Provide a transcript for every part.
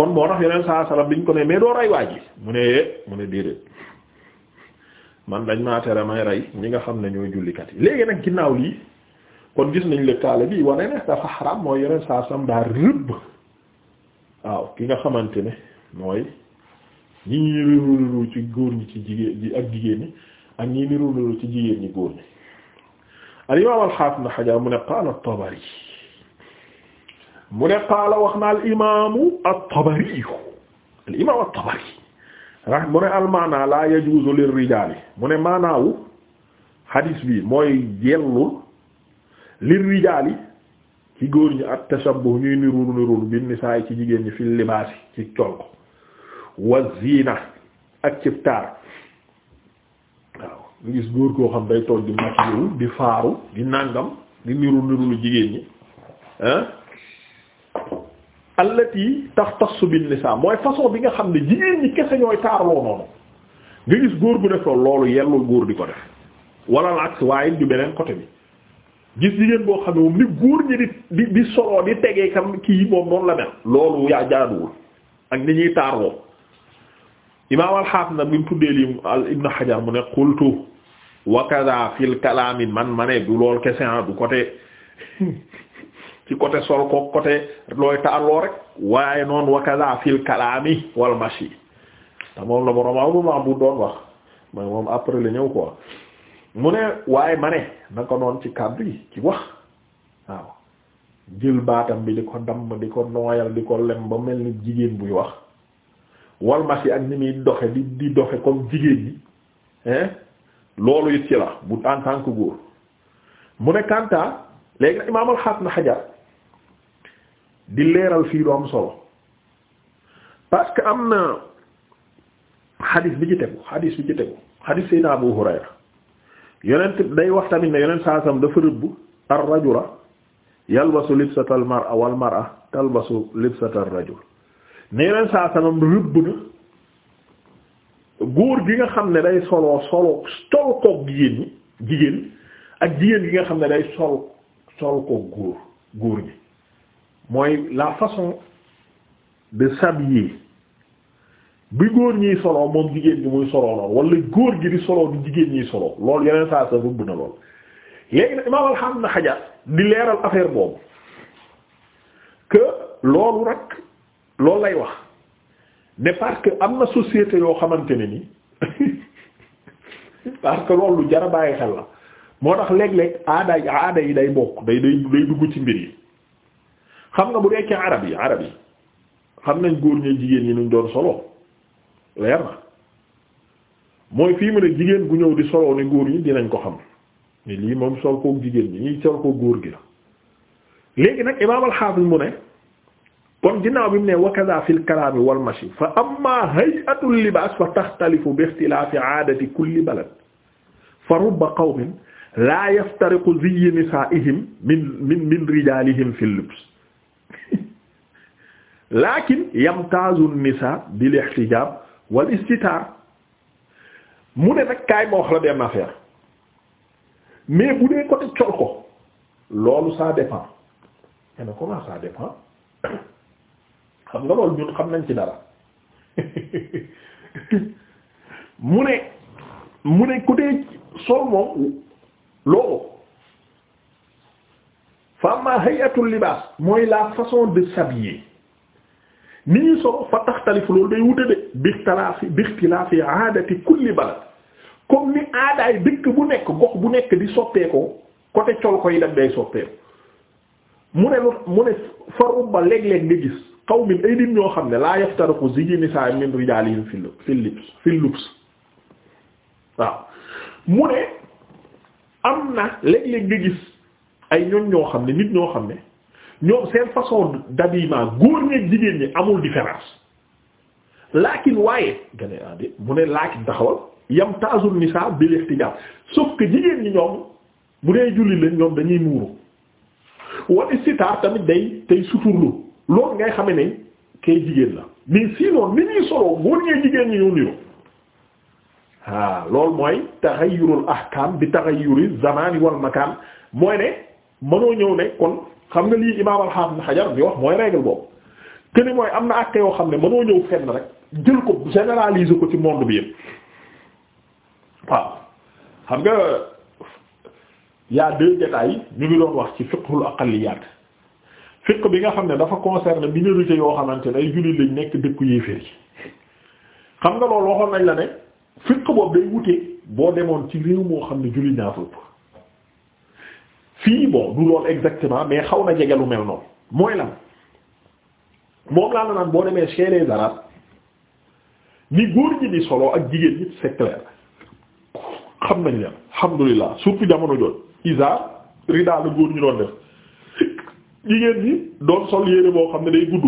kon moo tax yeneen saa salaam biñ ko ne mais doo rey waa ji mu ne eh, mu ne déedéet man dañ maa tere may rey ñi nga xam ne ñooy jullikat yi léegi nag ginnaaw lii kon gis nañ lëkkaale bi wane ne dafa xaram mooy yeneen saa salaam daa rëbb waaw ki nga xamante ne mooy ñi ñuy rëbb ci góor ñi ci jigéen ak jigéen ñi ak ñi rëbb ci jigéen ñi góor ñi al imaam al-Haafiz mu ne qaala at-Tabari mu ne qaala wax na al imaamu at-Tabari al imaamu at-Tabari mu ne al maana la yajuuzu lir rijaali mu ne maanaawu hadis bi mooy jellul lir rijaali ci góor ñi ak tashabbuh ñuy nirul nirul bi nisaay ci jigéen ñi fi libaasi ci col ko wa ziina ak ci waaw ñu gis góor koo xam day toog di di faaru di nàngam di nirul nirulu jigéen ñi allati taxtassu bin nisaa mooy façon bi nga xam ne jigéen ñi kese ñooy taarloo noonu nga gis góor gu def loolu loolu yellul góor di ko def wala la ak waaye du beneen côté bi gis jigéen boo xam ne moom ni góor ñi di di di di tegee kam kii moom noonu la mel loolu yaa jaaduwul ak ni ñuy taarloo imaam alxaafis nag bi mu tuddee lii al ibn Hajar mu ne qultu wa kadha fil kalaami man ma ne du lool kese ah, du côté ci côté sol ko côté looy taaloo rek waaye noonu wakaza fil kalaami wal mashi te moom la borom aw ma bu doon wax mooy moom après la ñëw quoi mu ne waaye ma ne na ko noon ci kàddu yi ci wax waaw jël baatam bi di ko damm di ko nooyal di ko lem ba mel ni jigéen buy wax wal ak ni muy doxe di di doxe comme jigéen ñi loolu it ci la bu en tant góor mu ne Kanta léegi nag imaam al-Hasan Hajar di leeral fii lu am solo parce que am na xadis bi ci tegu xadis bi ci tegu xadis Seydina Abu Hurayra yonent day wax tamit ne yonent saasam dafa rëbb ar-rajula yalbasu libsata al-mar'a wal mar'a talbasu libsata rajul ne yonent saasamam rëbb na góor gi nga xam ne day soloo soloo sol koog jigéen ñi jigéen ak jigéen gi nga xam ne day sol sol koog guur góor ñi mooy la façon de s'habiller bi góor ñiy soloo moom jigéen gi muy solo lool wala góor gi di soloo di jigéen ñiy soloo loolu yeneen saa sa rëbb na lool léegi nag imaam alxam na xajar di leeral affaire boobu que loolu rek loolu lay wax ne parce que am na société yoo xamante ne ni parce que loolu a bàyyi xel la moo tax léeg-léeg aada aada yi day bokk day day day dugg ci mbir yi xam nga bu dekkee arab yi arab xam nañ góor ñi jigéen ñi nuñ doon solo leer na mooy fii mu ne jigéen gu ñëw di soloo ne góor ñi dinañ ko xam ne lii moom sol koog jigéen ñi ñuy sol ko góor gi la léegi nag imaam al-Hafiz mu ne kon ginnaaw bi mu ne wa kadha fil kalaami wal mashi fa amma hay'atul libaas fa taxtalifu bi ixtilaafi aadati kulli balad fa rubba qawmin laa yaftariqu ziyyu nisaa'ihim min min min rijaalihim fil libs lakin yamtaazu nisaa bil ihtijaab wal istitaar mu ne nag kaay ma wax la benn affaire mais bu dee côté col ko loolu ça dépend mais eh nag comment ça dépend xam nga loolu ñun xam nañ ci dara mu ne mu ne côté sol moom loolu fa amma hayatul libaas mooy la façon de s'habiller ni ñu solo fa taxtalifu loolu day wute de bixtilaafi bixtilaafi aadati kulli balad comme ni aadaay dëkk bu nekk gox bu nekk di soppeekoo côté col ko yi dem day soppeeku mu ne mu ne fa rubba léeg-léeg nga gis qawmin ay nit ñoo xam ne laa yaftariqu zigi nisaa min rijaalihim fil fil fil lubs waaw mu ne am na léeg-léeg nga gis ay ñoñ ñoo xam ne nit ñoo xam ne ñoom seen façon d'habillement góor ñeeg jigéen ñi amul différence laakin waaye gane mu ne laakin taxawal yam taasul nisa bil ihtijaab sauf que jigéen ñi ñoom bu dee julli leen ñoom dañuy muuru wala sitaar tamit day tey suturlu loolu ngay xame ne kay jigéen la mais sinon ni ñuy soloo góor ñee jigéen ñi ñoo niroo ah loolu mooy taxayyurul ahkaam bi taxayyuri zamaani wal makaan mooy ne mënoo ñëw ne kon xam nga lii imaam al-Hafiz Ibn bi wax mooy règle boobu que ni mooy am na àtte yoo xam ne mënoo ñëw fenn rek jël ko généralise ko ci monde bi yëpp waaw xam nga y'a deux détails ñu ngi doon wax ci fiqhul aqalliyat fiqh bi nga xam ne dafa concerne minorité yoo xamante ne ay jullit lañ nekk dëkku yéeféer yi xam nga loolu waxoon nañ la ne fiqh boobu day wutee boo demoon ci réew moo xam ne julli ñaa fa fii bon du loolu exactement mais xaw na jege lu mel noonu mooy lan moom laa la naan boo demee chez les arabes ni góor ñi di solo ak jigéen ñi c'est clair xam nañ leen alhamdulilah surtout jamono jooju isaar ridaa la góor ñu doon def jigéen ñi doon sol yére boo xam ne day gudd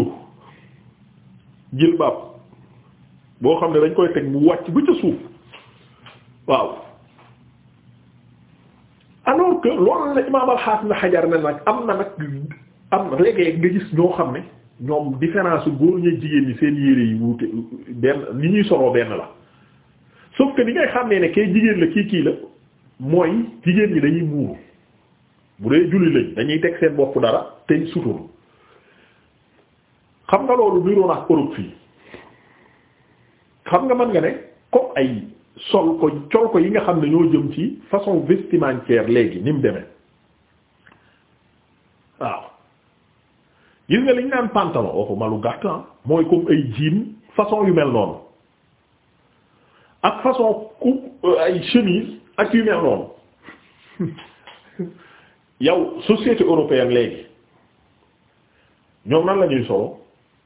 jilbaab boo xam ne dañ koy teg mu wàcc bu ca suuf waaw. alors que loolu la imaam al-Hafiz Ibn Hajar ne am na nag am xam ne ñoom différence jigéen ñi seen yére yi wuute li ñuy soloo benn la sauf li ngay xam ne ne jigéen la kii kii la mooy jigéen ñi dañuy muuru bu dee julli lañ dañuy teg seen bopp dara tey sutur xam nga loolu niroon ak Europe fii xam nga mën nga ne comme ay sol ko col ko yi nga xam ne ñoo jëm ci façon vestimentaire léegi ni mu demee waaw gis nga li naan pantalon waxuma lu gàtt ah, mooy comme ay jean façon yu mel noonu ak façon coupe euh, ay chemise ak yu mel noonu yow société européenne léegi ñoom nan la solo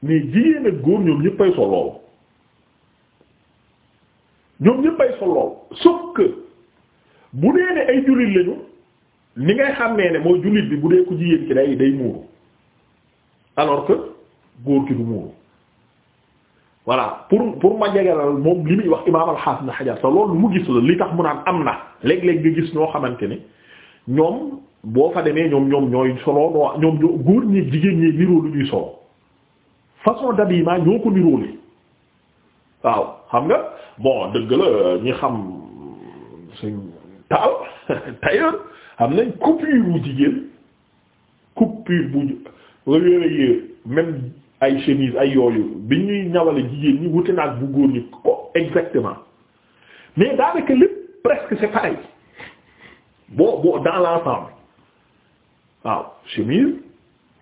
mais jigéen ak góor ñoom ñëppay solo ñoom ñëpp ay sol lool sauf que bu dee ne ay jullit lañu ni ngay xam ne ne mooy jullit bi bu dee ku jigéen ki day day muuru alors que góor ki du muuru voilà pour pour ma jegeral moom li muy wax imaam alxaas na xajar te loolu mu gis la li tax mu naan am na léeg-léeg nga gis ñoo xamante ni ñoom boo fa demee ñoom ñoom ñooy solo ñoom ñoo góor ñi jigéen ñi niroo lu ñuy solo façon d'habillement ñoo ko niroole waaw xam nga bon dëgg la ñi xam suñ taal tailleur am nañ coupure bu jigéen coupure bu yére yére même ay chemise ay yooyu bi ñuy ñawale jigéen ñi wuti naag bu góor ñi ko exactement mais daanaka lépp presque c'est pareil boo boo dans l'ensemble waaw chemise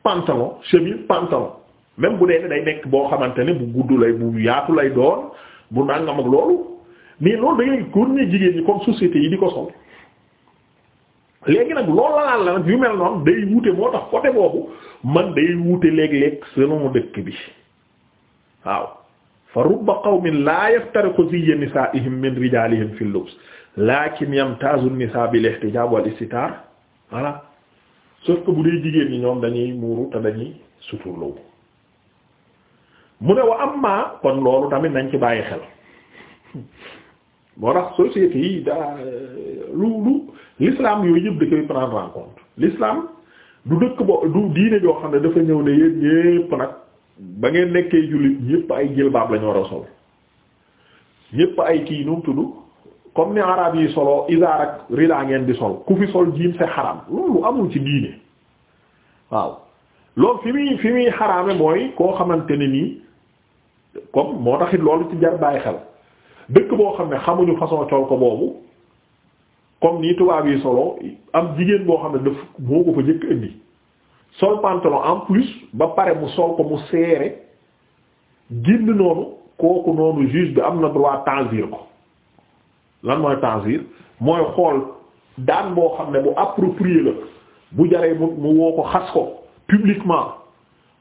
pantalon chemise pantalon même bu dee ne day nekk boo xamante ne bu gudd lay bu yaatu lay doon bu nangam ak loolu mais loolu da ngay góor jigéen ñi comme société yi di ko sol léegi nag loolu la la nag yu mel noonu day wuute moo tax côté boobu man day wuute léeg-léeg selon dëkk bi waaw fa rubba qawmin la yaftariqu ziyya nisaa'ihim min rijalihim fi lubs lakin yamtazu an-nisaa bil ihtijab wal istitar voilà sauf que bu dee jigéen ñi ñoom dañuy muuru te dañuy mu ne wa amma kon loolu tamit nañ ci bàyyi xel moo tax société yi daa lu lu l'islam yooyu yëpp da koy prendre en compte du dëkk bo du diine joo xam ne dafa ñëw ne yéen nag ba ngeen nekkee jullit ñépp ay jilbaab lañu war a sol ñépp ay kii nu tudd comme ni arab yi solo isaar ak rilaa ngeen di sol ku fi sol jiim c'est xaram loolu amul ci diine waaw loolu fi muy fi muy xaraame mooy koo xamante ne nii comme moo taxit loolu ci jar bàyyi xel dëkk boo xam ne xamuñu façon col ko boobu comme nii tubaab yi solo am jigéen boo xam ne daf moo ko fa jëkk indi sol pantalon en plus ba pare mu sol ko mu seere génn noonu kooku noonu juge bi am na droit tanzir ko lan mooy tanzir mooy xool daan boo xam ne bu approprié la bu jaree mu mu woo ko xas ko publiquement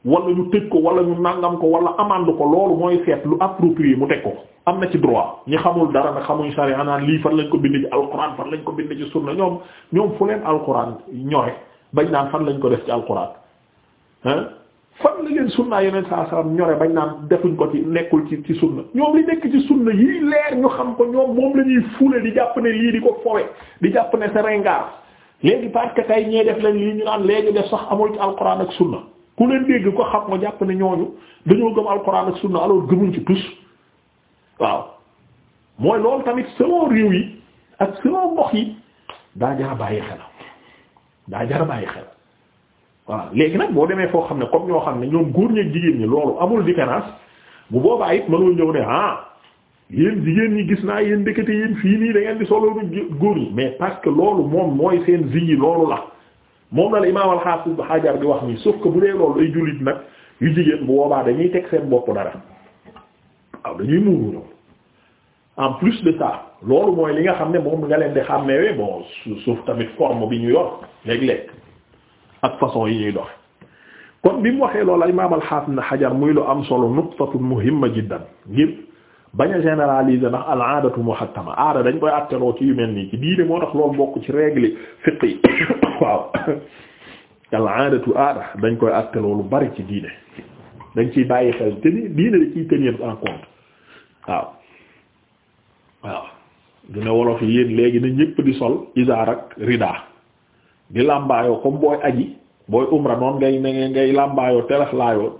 wala ñu tëj ko wala ñu nangam ko wala amande ko loolu mooy seet lu approprié mu teg ko am na ci droit ñi xamul dara nag xamuñ sariya naan lii fan lañ ko bind ci alquran fan lañ ko bind ci sunna ñoom ñoom fu leen alquran ñore bañ naan fan lañ ko def ci alquran hein fan la leen sunna yeneen sa salaam ñore bañ naan defuñ ko ci nekkul ci ci sunna ñoom li nekk ci sunna yi leer ñu xam ko ñoom moom la ñuy fule di jàpp ne lii di ko fowe di jàpp ne sa rengaar léegi parce que tey ñee def lañ lii ñu naan léegi def sax amul ci alquran ak sunna ku leen dégg ko xam nga jàpp ne ñooñu dañoo gëm alxuraan ak sunna alors gëmuñ ci tus waaw mooy lool tamit selon réew yi ak selon mbox yi daa jar a bàyyi xel daa bàyyi xel voilà léegi nag boo demee foo xam ne comme ñoo xam ne ñoom góor ñeeg jigéen ñi loolu amul différence bu boobaa it mënoo ñëw ne ah yéen jigéen ñi gis naa yéen ndekete yéen fii nii da ngeen di solo góor ñi mais parce que loolu moom mooy seen zi yi loolu la. moom la imaam al bu Hajar di wax nii sauf que bu dee loolu ay jullit nag yu jigéen bu boobaa dañuy teg seen bopp dara waaw dañuy muuru en plus de ça loolu mooy li nga xam ne moom nga leen di xàmmewee bon sauf tamit forme bi ñu yor léeg-léeg ak façon yi ñuy dox kon bi mu waxee loolu imaam al-Hafiz na Hajar muy lu am solo nuqtatun muhimma jiddan ngir bañ a généraliser ndax al aadatu muhakkama aada dañ koy atteloo ci yu mel nii ci diine moo tax loolu bokk ci règle fiqh dañ koy lu bari ci diine dañ ciy bàyyi xel te diine da ciy tenir en compte waaw waaw dina wolof yi léegi na ñëpp di sol izaar ak rida di làmbaayoo comme booy aji booy umra noonu ngay ne ngay làmbaayoo telef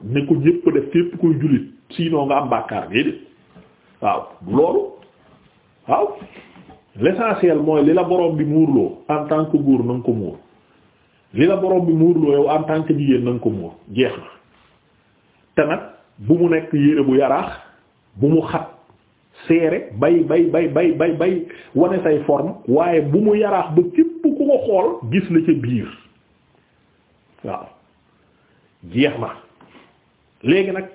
ne ko ñëpp def koy jullit sinon nga am bàkkaar déedéet waaw loolu waaw l'essentiel mooy li la boroom bi muurloo en tant que góor na ko muur li la boroom bi muurloo yow en tànk que jigéen na ko muur jeex na te nag bu mu nekk yére bu yaraax bu mu xat seere bay bay bay bay bay bay wane say form waaye bu mu yaraax ba képp ku ko xool gis la ca biir waaw jeex na léegi nag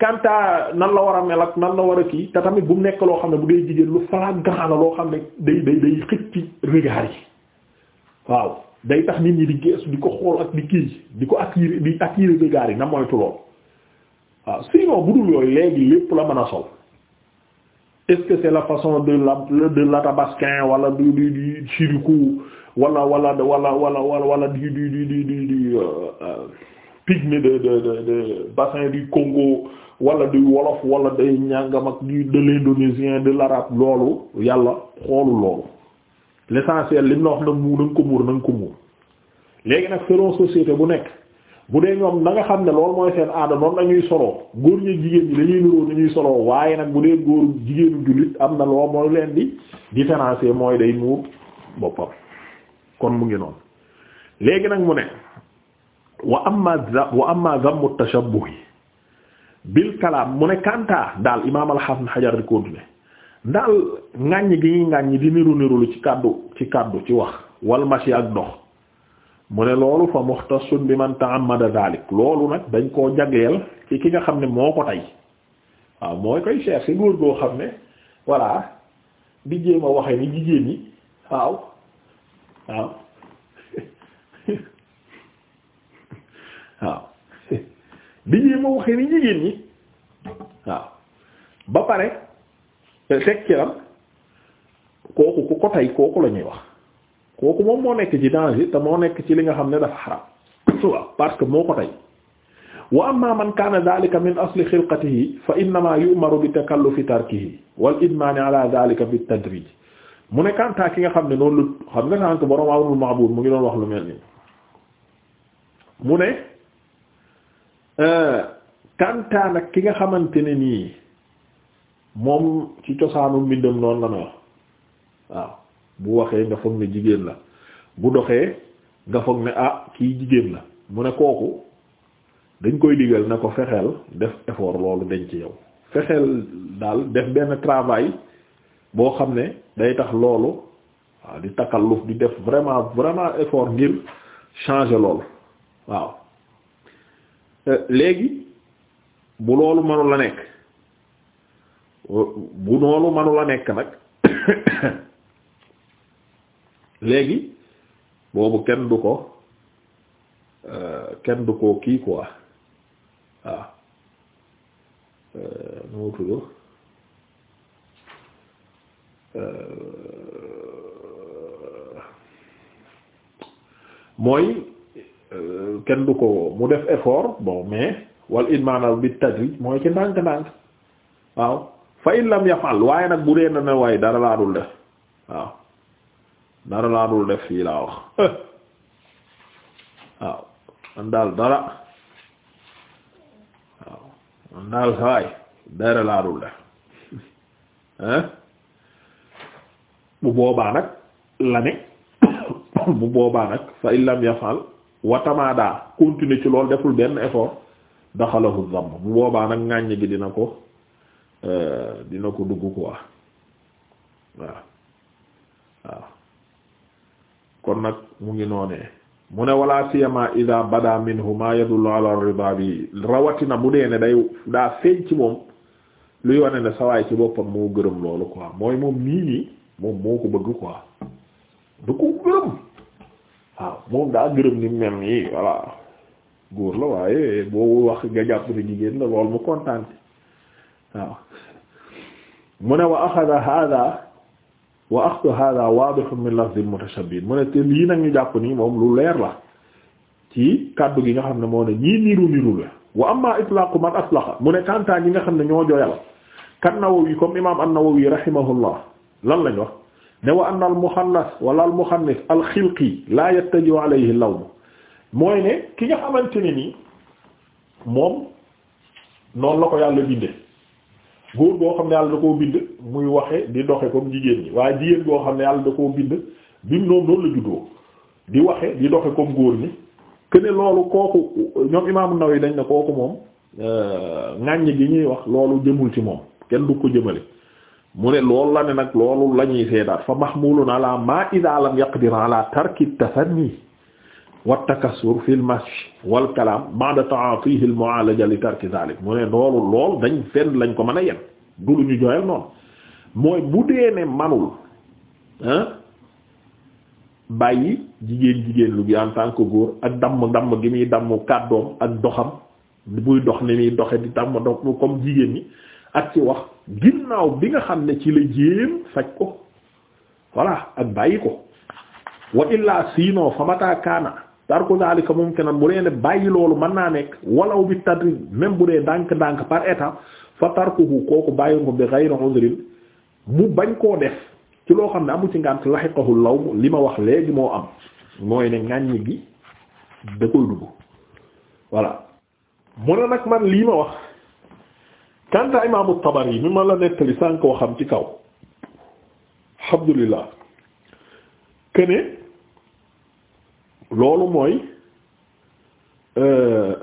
kanta nan la war a mel ak nan la war a kii te tamit bu nekk loo xam ne bu dee jigéen lu flagrant la loo xam ne day day day xëcc ci regard yi waaw day tax nit ñi di geesu di ko xool ak di kii di ko attirer di attirer regard yi na moytu lool waaw sinon bu dul yooyu léegi lépp la mën a sol est-ce que c'est la façon de la de du du du Chirikou wala wala wala wala wala du du du du du euh, euh, de de de bassin du Congo. wala di wolof wala day ñàngam ak di de l'indonésien de l'arabe loolu yàlla xoolu loolu l'essentiel li mu la wax nag ko muur na ko muur léegi nag selon société bu nekk bu dee ñoom na nga xam ne loolu mooy seen aada noonu lañuy soloo góor ñi jigéen ñi dañuy niroo ni ñuy soloo waaye nag bu dee góor jigéenu jullit am na loo mooy leen di différencier mooy day muur boppam kon mu ngi noonu léegi nag mu ne wa am wa amma zammu tashabbuh yi bil kalaam mu ne Kantaa daal imaam alxasan xajar di continuer daal ŋàññ gi ñuy ŋàññ di niru niru lu ci kàddu ci kàddu ci wax wal mashi ak dox mu ne loolu fa muxtasun bi man ta'ammada dalik loolu nag dañ koo jagleel ci ki nga xam ne moo ko tey waaw mooy koy cher si góor goo xam ne voilà di jéem a ni jigéen ñi waaw waaw waaw di jéem a waxee ni jigéen ñi waaw ba pare teg ci lan kooku ku ko tey kooku la ñuy wax kooku moom moo nekk ci danger te moo nekk ci li nga xam ne dafa xaram waaw parce que moo ko tey wa amma man kaana dhalika min asli xilqatihi fa innama yu'maru bi takallufi tarkihi wal idmaani ala dhalika bi tadrij mu ne kantaa ki nga xam ne noonu lu xam nga sànk borom awnul ma'bud mu ngi doon wax lu mel nii mu ne Euh, kantaan ak ki nga xamante ne nii moom ci cosaanu mbindam noonu la na wax bu waxee nga foog ne jigéen la bu doxee nga foog ne ah kii jigéen la mu ne kooku dañ koy digal na ko fexeel def effort loolu dañ ci yow fexeel daal def benn travail boo xam ne day tax loolu waaw di takalluf di def vraiment vraiment effort ngir changer loolu waaw Euh, léegi bu loolu manu la nekk bu loolu manu la nekk nag léegi boobu kenn du ko euh, kenn du ko kii quoi waaw euh, mooy kenn du ko mu def effort bon mais wal idmaanal bi tadrij mooy ci ndànk-ndànk waaw fa in lam yafal waaye nag bu dee na ne waaye dara laa dul def waaw dara laa dul def fii bu boobaa nag la ne bu boobaa nag fa in lam yafal watamaadaa continuer ci loolu deful benn effort daxalahu zamm bu boobaa nag ŋàññ gi dina ko euh, dina ko dugg quoi waaw waaw kon nag mu ngi noonee mu ne wala siyama ida bada minhu ma yadullu ala rida bi rawatina bu dee ne day daa feeñ ci moom luy wane ne sawaay ci boppam moo gërëm loolu quoi mooy moom nii nii moom moo ko bëgg quoi du ko gërëm waaw moom daa gërëm ni mem yi voilà góor la waaye boo wax nga jàpp ne jigéen la lool mu kontaan waaw mu ne wa axada hada wa axdu hada wadihun min lafdil mutashabbih mu ne te lii nag ñu jàpp nii moom lu leer la ci kàddu gi nga xam ne moo ne ñii niru niru la wa amma itlaqu man aslaqa mu ne kantaan yi nga xam ne ñoo jooyal kan Nawawi comme imam an-Nawawi rahimahullah lan lañ wax ne wa anna al muxannas wala al muxannis al xilqi la yattaji alayhi lawm mooy ne ki nga xamante ne ni moom noonu la ko yàlla bindee góor goo xam ne yàlla da koo bind muy waxe di doxe comme jigéen ñi waaye jigéen goo xam ne yàlla da koo bind bi noonu noonu la juddoo di waxe di doxe comme góor ñi que ne loolu kooku ñoom imaamu Nawawi dañ ne kooku moom euh, ŋàññ gi ñuy wax loolu jëmul ci moom kenn du ko jëmale mu ne loolu la ne nag loolu la ñuy seedaat fa mahmulun ala ma idha lam yaqdir tarki at-tafanni wa at-takassur fi al-mashyi wal kalam ba'da ta'atihi al-mu'alaja li tarki dhalik mu ne loolu lool dañ fenn lañ ko mën a yen du lu ñu joyal noonu mooy bu dee ne manul bàyyi jigéen jigéen lu gi en tant góor ak damm damm gi muy damm kàddoom ak doxam buy dox ni muy doxe di damm dox comme jigéen ñi ak ci wax ginnaaw bi nga xam ne ci la jéem faj ko voilà ak bàyyi ko wa illaa siinoo fa mataa kaana tarku daalika mumkinan bu dee ne bàyyi loolu mën naa nekk walaw bi tadrib même bu dee dànk dànk par étape fa tarkuhu kooku bàyyi ko bi ghayri udrin mu bañ koo def ci loo xam ne amu ci ngànt lahiqahu lawm li ma wax léegi moo am mooy ne ŋàññi gi da koy dugg mu ne nag man lii ma wax kanta imaamu yi mi ma la nettali sànq koo xam ci kaw alhamdulillah kene loolu mooy euh,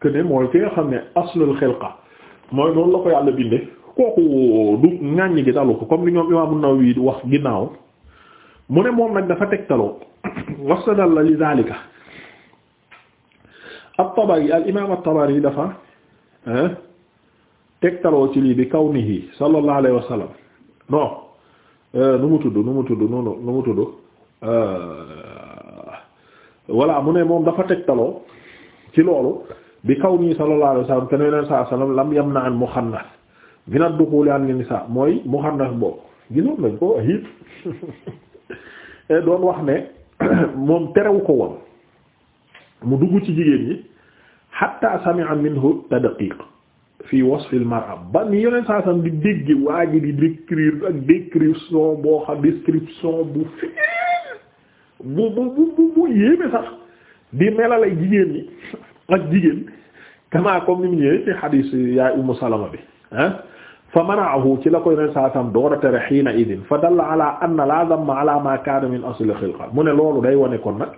kene mooy ki nga xam ne aslul xilqa mooy noonu la ko yàlla binde kooku du ŋàññ gi dalu ko comme li ñoom imaamu Nawawi wax ginnaaw mu ne moom nag dafa tegtaloo wastadalla li daalika at-Tabari al imaam at yi dafa tegtaloo ci lii bi kawnihi sallallahu alayhi wa sallam non euh, nu mu tudd nu mu tudd noonu nu mu tudd euh, voilà mu ne moom dafa tegtaloo ci loolu bi kawnihi sallallahu alayhi wa sallam te ne leen saa sallam lam yamna an muxannas min ad-dukhul an nisa mooy muxannas boobu gisoon nañ ko hiit doon wax ne moom terewu ko woon mu dugg ci jigéen yi hatta sami'a minhu tadqiq fii wasfil mar'a ba ni yoneen saa sam di dégg waa ji di décrire ak description boo xam description bu fi bu bu bu bu yéeme sax di melal ay jigéen ñi ak jigéen kamaa comme ni mu ñëwee ci xadiis yaay Ummu Salama bi ah fa mana'ahu ci la ko yoneen saa sam door a tere xiina idin fa dalla ala anna la damma ala ma kaana min asli xilqa mu ne loolu day wane kon nag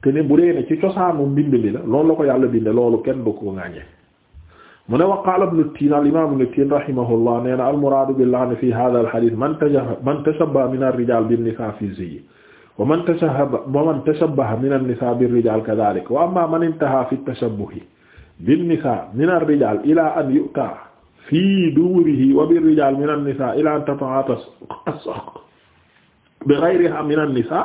te ne bu dee ne ci cosaanu mbind bi la loolu la ko yàlla binde loolu kenn du ko ŋàññee mu ne wa qaala ibnu tiin al imaam ibnu tiin rahimahullah nee na al muraadu bil la'n fi haadha al hadiis man man tashabbaha min ar-rijaal bin nisaa fi ziyyi wa man tashabbaha wa man tashabbaha min an-nisaa bir rijaal kadhaalika wa ammaa man intahaa fi at-tashabbuhi bin nisaa min ar-rijaal ilaa an yu'taa fii duuburihi wa bir rijaal min an-nisaa ilaa an tata'atta as-saq bi ghayrihaa min an-nisaa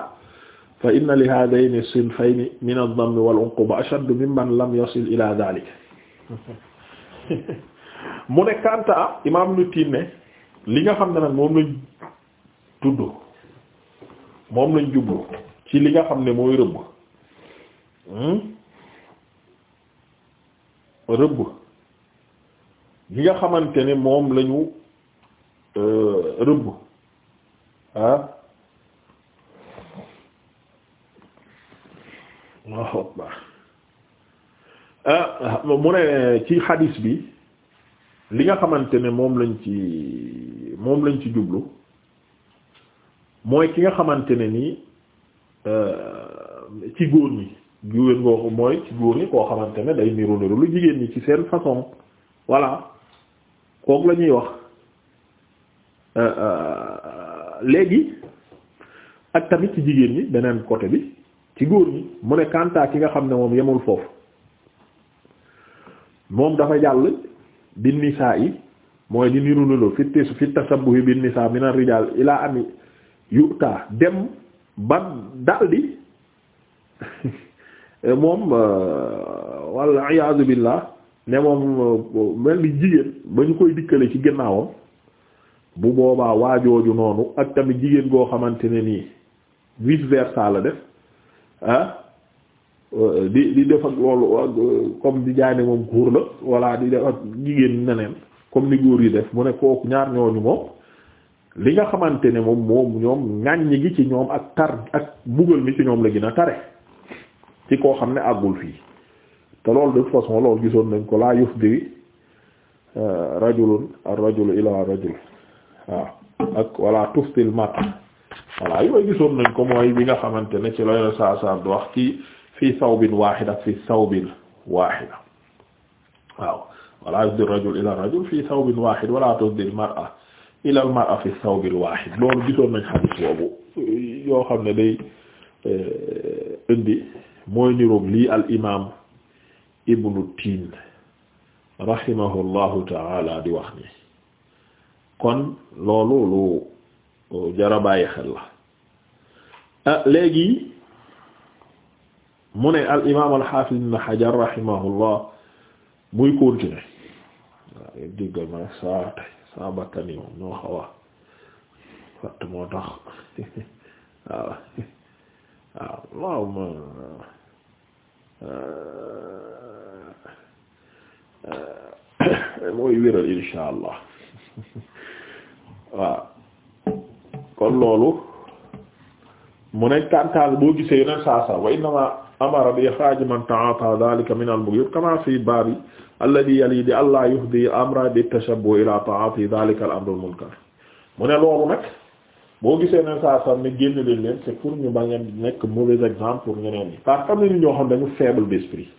fa inna li haadhayni as-sinfayni min ad-dammi wal-'uquba ashadda mimman lam yasil ilaa dhaalika mu ne Kanta imaam nu tiin ne li nga xam ne nag moom lañ tudd moom lañ jublu ci li nga xam ne mooy rëbb hmm? rëbb li nga xamante ne moom lañu euh, rëbb ah waaw Euh, mu ne ci xadis bi li nga xamante ne moom lañ ci moom lañ ci jublu mooy ki nga xamante ne nii euh, ci góor ñi jigéen ngoo mooy ci góor ñi koo xamante ne day niru niru lu jigéen ñi ci seen façon voilà kooku la ñuy wax euh, léegi ak tamit ci jigéen ñi beneen côté bi ci góor ñi mu ne kanta ki nga xam ne moom yemul foofu moom dafa jàll bin nisaa yi mooy ñu nirululu fi tis fi tasabbuhi bin nisaa min ar-rijaal ilaa ami yu'ta dem ba daldi moom euh, walla iyaazu billaah ne moom euh, mel ni jigéen ba ñu koy dikkalee ci ginnaawam bu boobaa waajooju noonu ak tamit jigéen goo xamante ne nii vice versa la def ah Euh, di di def ak loolu comme di jaay ne moom góor la walla di def ak jigéen neneen comme ni góor yi def mu ne kooku ñaar ñooñu moom li nga xamante ne moom moom ñoom ŋàññi gi ci ñoom ak tar ci ñoom la gën a tare ci koo xam ne àggul fii te loolu de gisoon nañ ko laa yuf di euh, rajulun ar rajul ila rajul waaw ak nga xamante ne ci la saa saa du wax ci fii sawbin wahid ak fii sawbin wahid waaw wala yusdir rajul ila rajul fii sawbin wahid wala tusdil mar'a ila al mar'a fi sawbin wahid loolu gisoon nañ xadis boobu yoo xam ne day eh, indi mooy niroog lii al imam ibnu tin rahimahu llahu taala di wax ni kon loolu lu jara bàyyi xel la ah, léegi mu ne al imaam al xaafiz ibn Hajar rahimahullah muy continuer waaw yéen jéggal ma moo tax waaw waaw allahumma euh, mooy wéral insha allah loolu mu ne kantaal boo gisee yeneen saa amara bi ixraaji man ta'aata dhalika min al-mughyib kama fi baabi alladhi yali di allah yuhdi amra bi tashabbu ila ta'aati dhalika al-amru munkar mu ne loolu nag boo gisee ne saa saa ne génn leen leen c'est pour ñu bañ a nekk mauvais exemple pour ñeneen ñi parce am nañu ñoo xam dañu faible d'esprit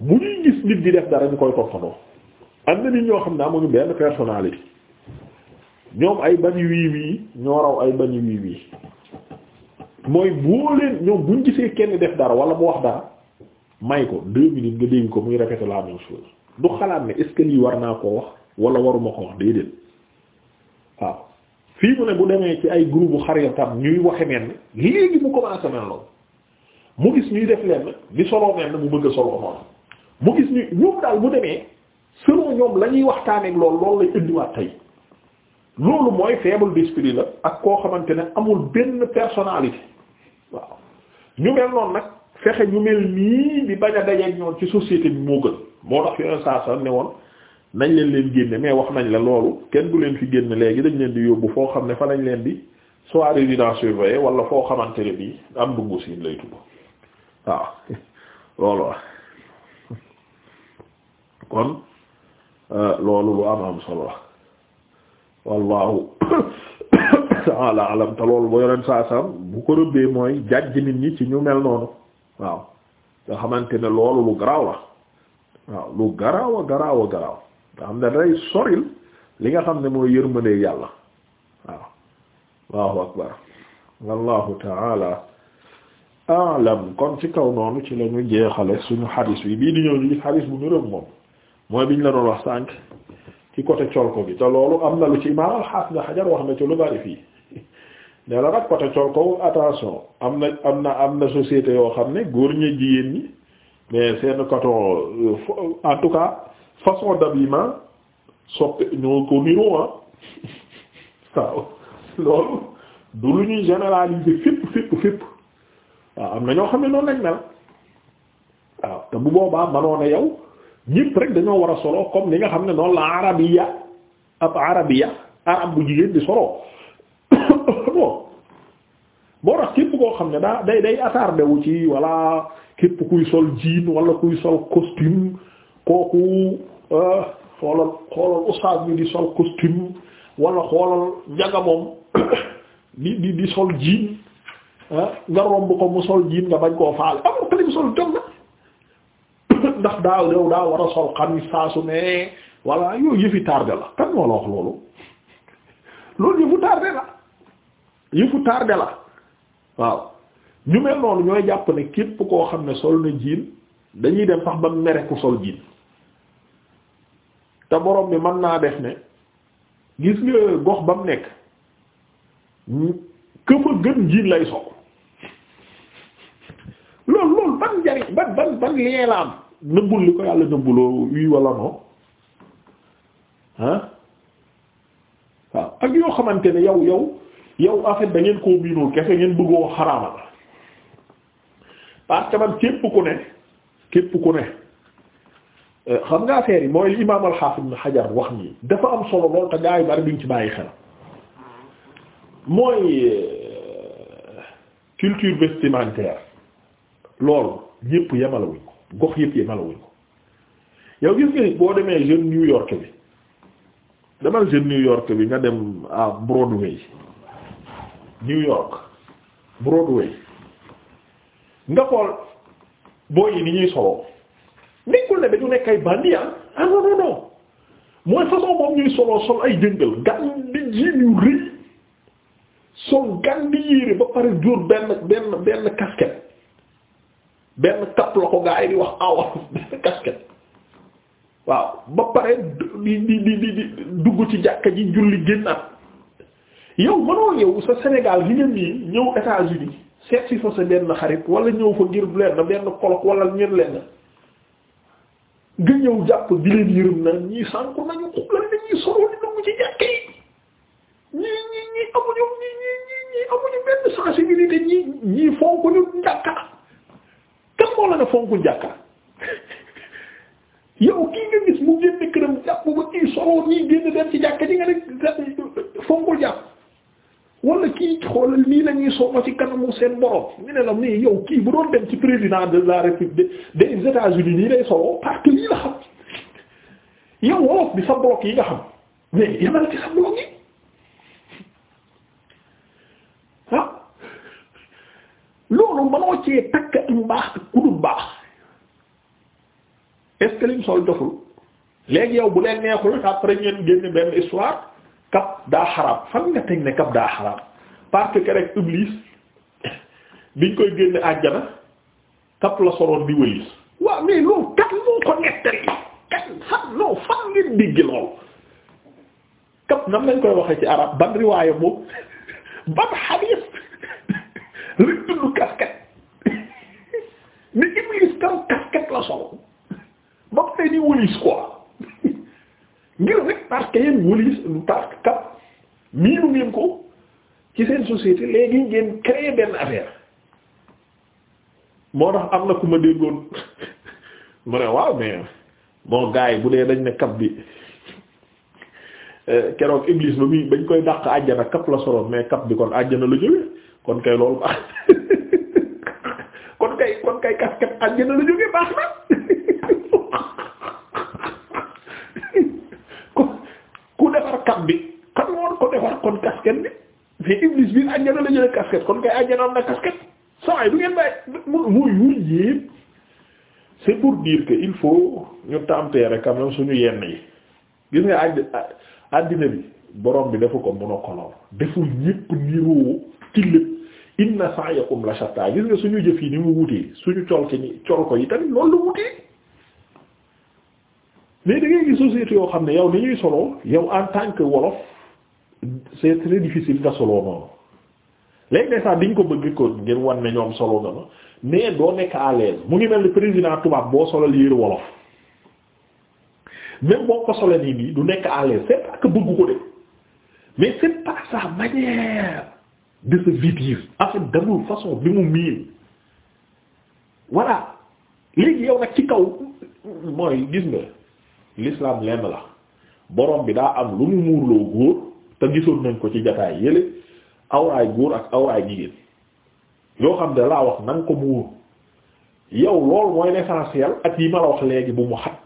bu ñuy gis nit di def dara ñu ñoo xam ne amuñu benn personnalité ñoom ay bañ wii wii ñoo raw ay bañ wii wii mooy boo leen ñoom buñ gisee kenn def dara wala mu wax dara may ko deux minutes nga dégg ko muy rafet laa même chose du xalaat ne est war naa koo wax wala waruma ko wax déedéet waaw fii mu ne bu demee ci ay groupe xaritam ñuy waxe menn léegi mu commencé mel noonu mu gis ñuy def lenn di soloo menn mu bëgg a soloo noonu mu gis ñu ñoom daal bu demee selon ñoom la ñuy waxtaaneeg loolu loolu lay indiwaat tey loolu mooy faible d'esprit la ak koo xamante ne amul benn personnalité ñu mel noonu nag fexe ñu mel nii di bañ a dajeeg ñoom ci société bi moo gën moo tax yeneen saa saa ne woon nañ leen leen génne mais wax nañ la loolu kenn du leen fi génne léegi dañ leen di yóbbu foo xam ne fa lañ leen di soit résidence surveillée walla foo xamante ne bii am dugg si lay tudd waaw loolu kon euh, loolu lu am am solo la wallaahu. ta'ala alam te loolu boo yoreen saa bu ko rëbbee mooy jàjj nit ñi ci ñu mel noonu waaw nga xamante ne loolu lu garaaw la waaw lu garaaw a garaaw nga xam ne day soril li nga xam ne mooy yërmande yàlla waaw allahu akbar wallahu ta'ala a'lam kon ci kaw noonu ci la ñu jeexale suñu xadis bi bii di ñëw ñu xadis bu ñu rëb moom mooy biñ la doon wax sànq ci côté colko bi te loolu am na lu ci imaam al-Hafiz Hajar wax na ci lu bari fii ne la nag côté col attention am na am na am na société yoo xam ne góor ña jigéen ñi mais seen coton euh, en tout cas façon d'habillement soppe ñoo ko niroo ah waaw loolu du lu ñuy généraliser fépp fépp fépp waaw am na ñoo xam ne noonu lañ te bu boobaa manoon a yow ñépp rek dañoo war a solo comme li nga xam ne noonu la arabiya ab arabiya arab bu jigéen di solo bon boo tax képp koo xam ne daa day day attardé wu ci walla képp kuy sol jean wala kuy sol costume kooku euh, xoolal xoolal oustaz bi di sol costume wala xoolal njaga moom di di di sol jean euh, nga romb ko mu sol jiin nga bañ koo faale amul këlim sol jot na ndax daa réew daa war a sol xam ni saa su ne walla yooyu yëfi tardé la kan moo la wax loolu loolu yëfu tardé la. yëfu tardé la waaw ñu mel noonu ñooy jàpp ne képp koo xam ne sol na jiin dañuy dem sax ba mere sol jiin te borom bi mën naa def ne gis nga gox ba mu nekk que fa gën jiin lay sol loolu loolu ban njariñ ban ban ban lien la am nëbbul li ko yàlla nëbbuloo wii wala non ah waaw ak yoo xamante ne yow yow. yow en fait ngeen koo miinul kese ngeen bëggoo xaraamal parce que man képp ku ne képp ku ne euh, xam nga affaire yi mooy imaam al-Hafiz Ibn wax nii dafa am solo lool te gaa yu bari duñ ci bàyyi xel mooy euh, culture vestimentaire loolu yépp yemalawuñ ko gox yépp yemalawuñ ko yow gis nga boo demee jeune New York bi demal jeune New York bi nga dem à Broadway New York Broadway nga xool booy yi ni ñuy soloo nekkul ne dañu nekk ay bandi ah, ah non non non mooy façon moom ñuy soloo sol ay jëngal gàndi jiin yu rëy sol gàndi yéere ba pare jur benn benn benn casquette benn cap la ko gaa yi di wax ah, awa benn casquette waaw ba pare dugg ci jàkka ji julli génnaat yow mënoo yow sa Sénégal gi ngeen nii ñëw États-Unis seet fa sa benn xarit wala ñëw fa ngir lenn benn colloque wala ngir lenn nga ñëw jàpp di leen yërëm na ñii sànku nañu xulal na ñii solo di dugg ci jàkke yi ñii ñii ñii amuñu ñii ñii ñii amuñu benn sensibilité ñii ñii fonk ñu njàkka kan la nga fonku njàkka yow kii nga gis mu génn këram jàpp ba kii solo ñii génn dem ci jàkka ji nga ne fonkul jàpp wala kii xoolal lii la ñuy soxla ci kanamu seen borom ñu ne la yow kii bu doon dem ci président de la république des États-Unis nii lay solo parce lii la xam yow wolof bi sa bloc yi nga xam mais yemal ci sa bloc yi ah loolu mënoo cee takk am baax ku dul baax est-ce que sol jotul léegi yow bu leen neexul après ngeen génn benn histoire. kap daa xaraam fan nga teg ne daa xaraam parce que rek Iblis biñ koy génne àjjana kap la soroon di wëlis waaw mais loolu kat moo ko nettali kat fan non fan ngeen digg lool kap nam lañ koy waxee ci arab ban riwaaya boobu ban xadiis lañ tudd kasket ni Iblis kaw kasket la soroon ba pare di wëlis quoi ngir rek parce que yéen wëlis parce que miinu ngeen ko ci seen société léegi ngeen créer benn affaire moo tax am na ku ma déggoon mu ne waaw mais bon gars yi bu dee dañ ne kap bi keroog Iblis ba muy bañ koy dàq àjjana kap la soroon mais kap bi kon àjjana la jóge kon kay loolu baax kon kay kon kay kap kap àjjana la jóge baax na ku defar kap bi kan woon ko defar kon casquette bi fi iblis bi àjjana la jëlee casquette kon kay àjjana am na casquette saa yi du ngeen bàyyi mu mu yépp c'est pour dire que il faut ñu tempérer quand même suñu yenn yi gis nga àddina bi borom bi defu ko monokoloor deful ñépp niroo ci lépp inna sa'yakum la shatta gis nga suñu jëf yi ni mu wutee suñu col ki ni col ko yi tamit loolu la wutee mais da ngay gis yoo xam ne yow ni ñuy soloo yow en tant que wolof c'est très difficile nga soloo noonu léegi des fois ko bëgg ko ngir wan ne ñoom solo nga mais doo nekk à mu ngi mel ni président tubaab boo solal yére wolof même boo ko solee nii du nekk à l'aise c'est pas ko de mais c'est pas sa manière de se vêtir en fait façon bi mu miin voilà léegi yow nag ci kaw mooy gis nga. l'islam lenn la borom bi daa am lu mu muurloo góor te gisoon nañ ko ci jataay yële awraay góor ak awraay jigéen yoo xam ne laa wax na ko muur yow loolu mooy l'essentiel ak yi ma la wax léegi bu mu xat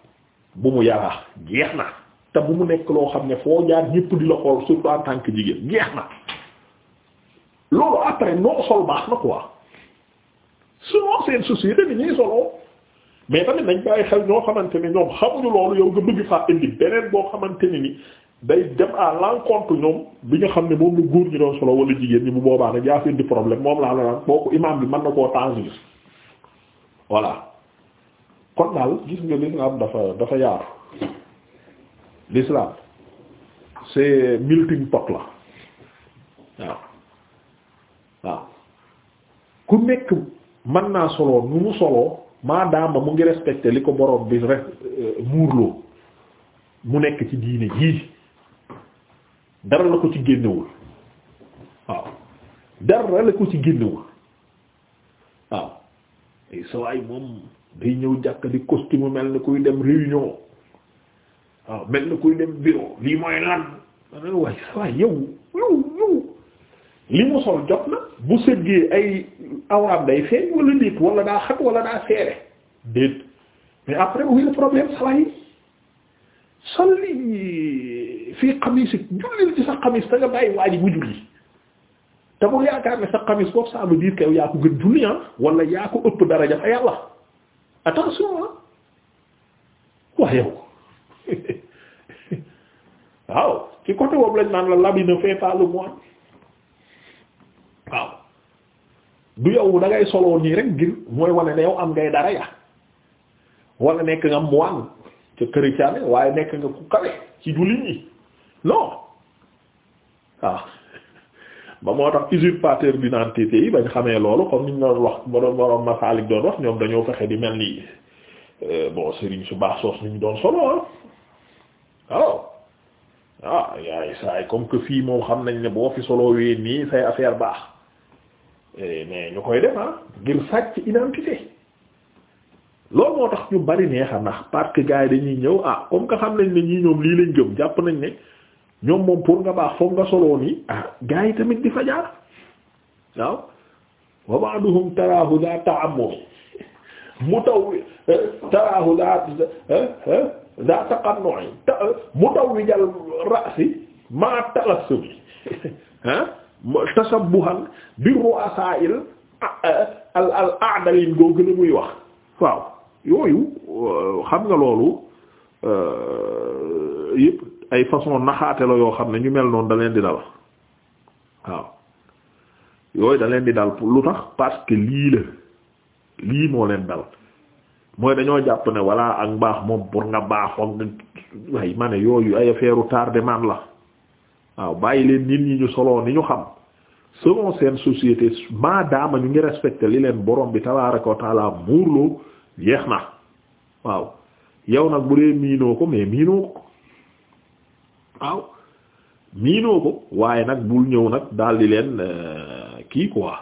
bu mu yaraax jeex na te bu mu nekk loo xam ne foo jaar ñépp di la xool surtout en tant jigéen jeex na loolu après noo sol baax na quoi sinon seen société bi ñuy soloo mais tamit nañ bàyyi xel ñoo xamante ni ñoom xamuñu loolu yow nga bëgg faa indi beneen boo xamante ne ni day dem à l'encontre ñoom bi nga xam ne moom la góor ñi doon solo wala jigéen ñi bu boobaa nag yaa indi problème moom laa la naan boo ko bi man na koo tangir voilà kon daal gis nga dafa dafa yaatu l'islam c'est melting pot la waaw waaw ku nekk mën naa solo nu mu soloo maadaama mu ngi respecté li ko borom bi rek euh, muurloo mu nekk ci diine jii dara la ko ci génnewul waaw dara la ko ci génnewul waaw ay sawaay moom day ñëw jàkk costume mel ni kuy dem réunion waaw mel ni kuy dem bureau lii mooy lan waaye sawaay yow li mu sol jot na bu sëggee ay awraam day feeñ wala déet wala daa xat wala daa seere déet mais après oui le problème saa yi solli fii xamisik jullil sa xamis te nga bàyyi waa ji mu julli te bu yaakaar ne sa xamis boobu ça veut dire que yaa ko gën julli ah yaa ko ëpp daraja fa yàlla attention ah waa yow waaw ci côté boobu lañ naan la l'habit fait pas le moine waaw du yow dangay solo soloo nii rek ngir mooy wane ne yow am ngay dara ya wala nekk nga moine ca chrétien waaye nekk nga ku kawe ci jullit ñi non waaw ba moo tax usurpateur d'identité yi bañ xamee loolu comme niñ doon wax borom borom Masalik doon wax ñoom dañoo fexe di mel ni euh, bon Serigne su baax soos niñ doon solo ah waaw ah yaay saay comme que fii moom xam nañ ne boo fi solo wee nii say affaire baax. Eh, mais ñu koy def ah ngir sàcc identité loolu moo tax ñu bari neex a nax parce que gars yi dañuy ñëw ah comme que xam nañ ne ñii ñoom lii lañ gëm jàpp nañ ne ñoom moom pour nga baax foog nga soloon yi ah gars yi tamit di fa jaar waaw wa ba'duhum taraahu daa ta'ammur mu taw eh, taraahu mu taw wi jal ra'si ma talassumi ah tashabbuhan bi ru'asa'il al al a'dalin goo gën muy wax waaw yooyu euh, xam nga loolu euh, yëpp ay façon naxaate la yoo xam ne ñu mel noonu da leen di dal waaw yooyu da leen di dal lu tax parce que lii la lii moo leen dal mooy dañoo jàpp ne walla ak mbaax moom pour nga baaxoon nga waaye ma yooyu ay affaire tardement la. waaw bàyyi leen nit ñi ñu soloo ni ñu xam selon seen société maadaama ñu ngi respecté li leen borom bi tabaaraka wa taala muurloo yeex na waaw yow nag bu dee miinoo ko mais miinoo ko waaw miinoo ko waaye nag bul ñëw nag daal di leen euh, kii quoi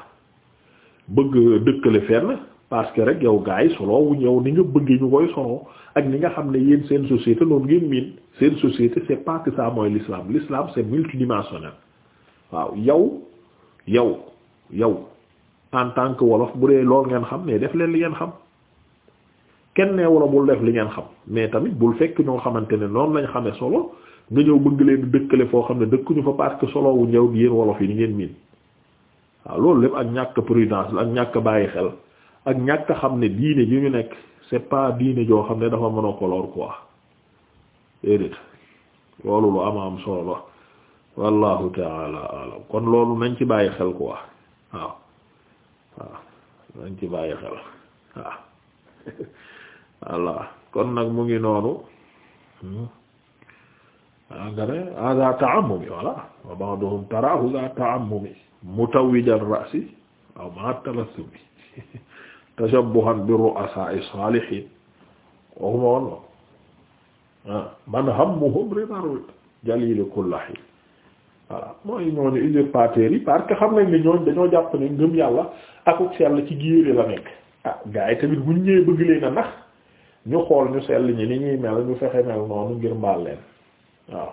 bëgg dëkkale fenn parce que rek yow gars yi solo wu ñëw ni nga bëggee ñu koy solo ak ni nga xam ne yéen seen société noonu ngeen miin seen société c'est pas que ça mooy l'islam l'islam c'est multidimensionnel waaw yow yow yow en tant que wolof bu dee lool ngeen xam ne def leen li ngeen xam kenn nee wala bul def li ngeen xam mais tamit bul fekk ñoo xamante ne noonu lañ xamee solo nga ñëw bëgg leen dëkkale foo xam ne dëkkuñu fa parce que solo wu ñëw yéen wolof yi ni ngeen miin waaw loolu lépp ak ñàkk prudence la ak ñàkk bàyyi xel. ak ñàkk xam ne diine ji ñu nekk c'est pas diine joo xam ne dafa mën a koloor quoi déedéet loolu lu am am solo la wallahu taala alam kon loolu nañ ci bàyyi xel quoi waaw waaw nañ ci bàyyi xel waaw voilà kon nag mu ngi noonu hmm. ah nga ne ah za ta'ammumi voilà wa ba'duhum taraahu za ta'ammumi mutawwijal ra'si aw ma talassumi tashabbuhan bi ru'asaa'i saalihiin waxuma woon loolu ah, man hammuhum ridaa'u jaliili kulli hiin voilà mooy ñooñu usurpateurs yi parce que xam nañ ne ñooñ dañoo jàpp ne ngëm yàlla akuk sell ci géere la nekk ah gaa yi tamit buñ ñëwee bëgg leen a nax ñu xool ñu sell ñi ni ñuy mel ñu fexe mel noonu ngir mbaal waaw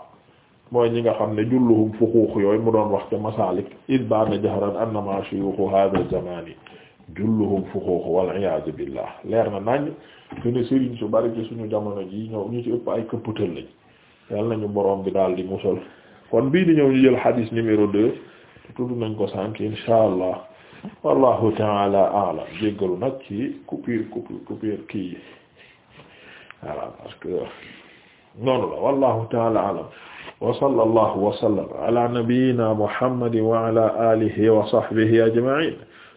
mooy ñi nga xam ne julluhum fuquux yooyu mu doon wax ca masaalik idbaana jahran annama shuyuukh hadha zamani julluhum fuxuuxu wal iyaazu billah leer na nañ te ne sëriñ su bari ci suñu jamono ji ñëw ñu ci ëpp ay këppatal lañ yal nañu borom bi daal di musal kon bii di ñëw ñu jël hadith numéro deux te tudd nañ ko sànk insha allah wallahu taala alam jéggalu nag ci coupure coupure coupure kii voilà parce que noonu la wallahu taala alam wa sallallahu wa sallam ala nabiyyina muhammad wa ala alihi wa sahbihi ajma'in